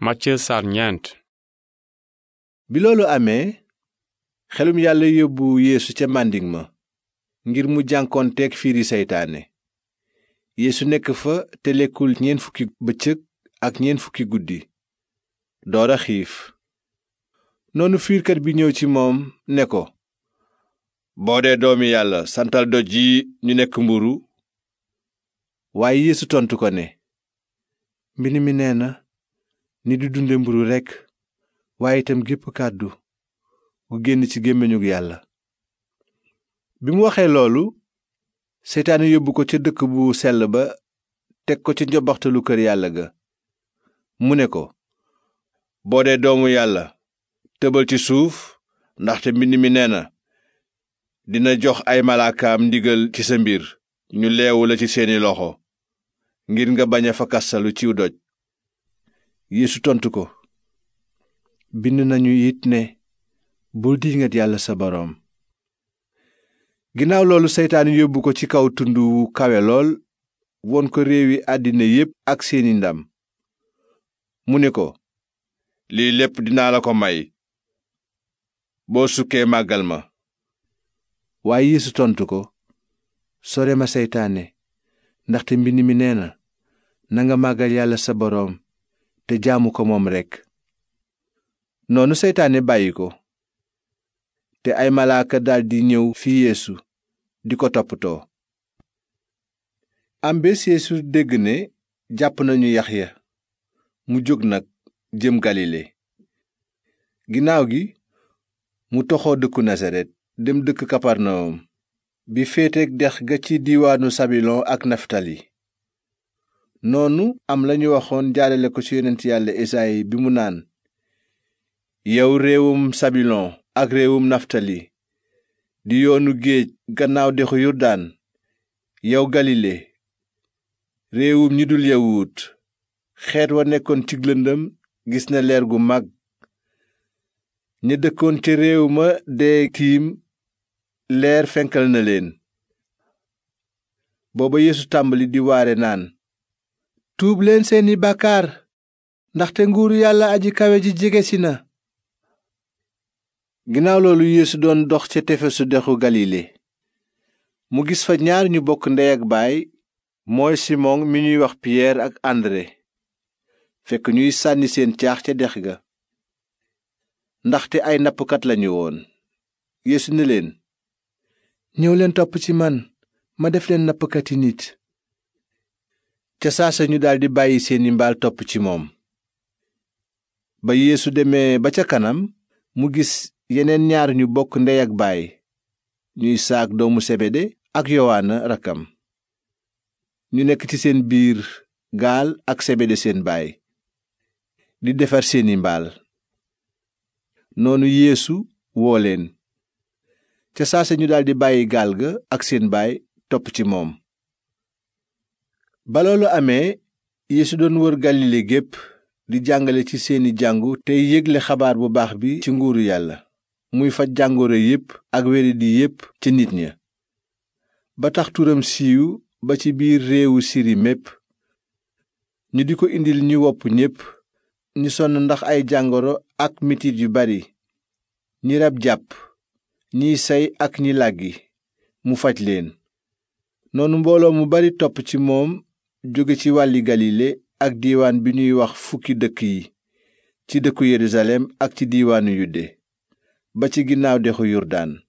Matthieu saar bi loolu amee xelum yàlla yóbbu yéesu ca màndiŋ ma ngir mu jànkoonteeg fiiri seytaane yeesu nekk fa te lekkul ñeent fukki bëccëg ak ñeent fukki guddi doora xiif noonu fiirkat bi ñëw ci moom ne ko boo dee doomi yàlla santal doj yi ñu nekk mburu waaye yeesu tontu ko ne mbind mi nee na ni di dunde mburu rekk waaye itam gépp kàddu gu génn ci gémmiñu yàlla bi mu waxee loolu seytaane yóbbu ko ca dëkk bu sell ba teg ko ci njobaxtalu kër yàlla ga mu ne ko boo dee doomu yàlla tëbal ci suuf ndaxte mbind mi nee na dina jox ay malaakaam ndigal ci sa mbir ñu leewu la ci seeni loxo ngir nga bañ a fakassalu ciw doj yeesu ko bind nañu it ne bul diingat yàlla sa ginnaaw loolu seytaan yóbbu ko ci kaw tund wu kawe lool won ko réewi àddina yépp ak seeni ndam mu ne ko lii lépp dinaa la ko may boo sukkee màggal ma waaye yeesu tontu ko sore ma seytaane ndaxte mbind mi nee na nanga màggal yàlla sa boroom te jaamu ko moom rekk noonu seytaane bàyyi ko te ay malaaka daldi ñëw fi yéesu di ko toppatoo am bés yeesu dégg ne jàpp nañu yaxya mu jóg nag jëm galile ginnaaw gi mu toxoo dëkku nasaret dem dëkk kaparnawum bi féeteek dex ga ci diiwaanu sabilon ak naftali noonu am lañu waxoon jaalale ko ci yonent yàlla esayi bi mu naan yow réewum sabilon ak réewum naftali di yoonu géej gannaaw dexu yurdaan yow galile réewum ñi dul yawut xeet wa nekkoon ci lëndëm gis na leer gu mag ña dëkkoon ca réew ma dee tiim leer fenkal na leen booba yeesu tàmbali di waare naan tuub leen seeni bàkkaar ndaxte nguur yàlla aji kawe ji jege si na ginnaaw loolu yeesu doon dox ca tefesu dexu galile mu gis fa ñaar ñu bokk ndey ak baay mooy simon mi ñuy wax piyeer ak andre fekk ñuy sànni seen caax ca dex ga ndaxte ay nappkat lañu woon yeesu ne leen ñëw leen topp ci man ma def leen nappkati nit ca saasa ñu daldi bàyyi seeni mbaal topp ci moom ba yéesu demee ba ca kanam mu gis yeneen ñaar ñu bokk ndey ak baay ñuy saak doomu sebede ak yowaana rakkam ñu nekk ci seen biir gaal ak sebede seen baay di defar seeni mbaal noonu yeesu woo leen ca saase ñu daldi bàyyi gaal ga ak seen baay topp ci moom ba loolu amee yeesu doon wër galile gépp di jàngale ci seeni jàngu tey yëgle xabaar bu baax bi ci nguuru yàlla muy faj jàngoro yépp ak wéradi yépp ci nit ña ba tax turam siiw ba ci biir réewu siri mépp ñu di ko indil ñuy wopp ñépp ñu sonn ndax ay jàngoro ak mitit yu bari ñi rab jàpp ñiy say ak ñi làggi mu faj leen noonu mbooloo mu bari topp ci moom jóge ci wàlli galile ak diiwaan bi ñuy wax fukki dëkk yi ci dëkku yerusalem ak ci diiwaanu yude ba ci ginnaaw dexu yordaan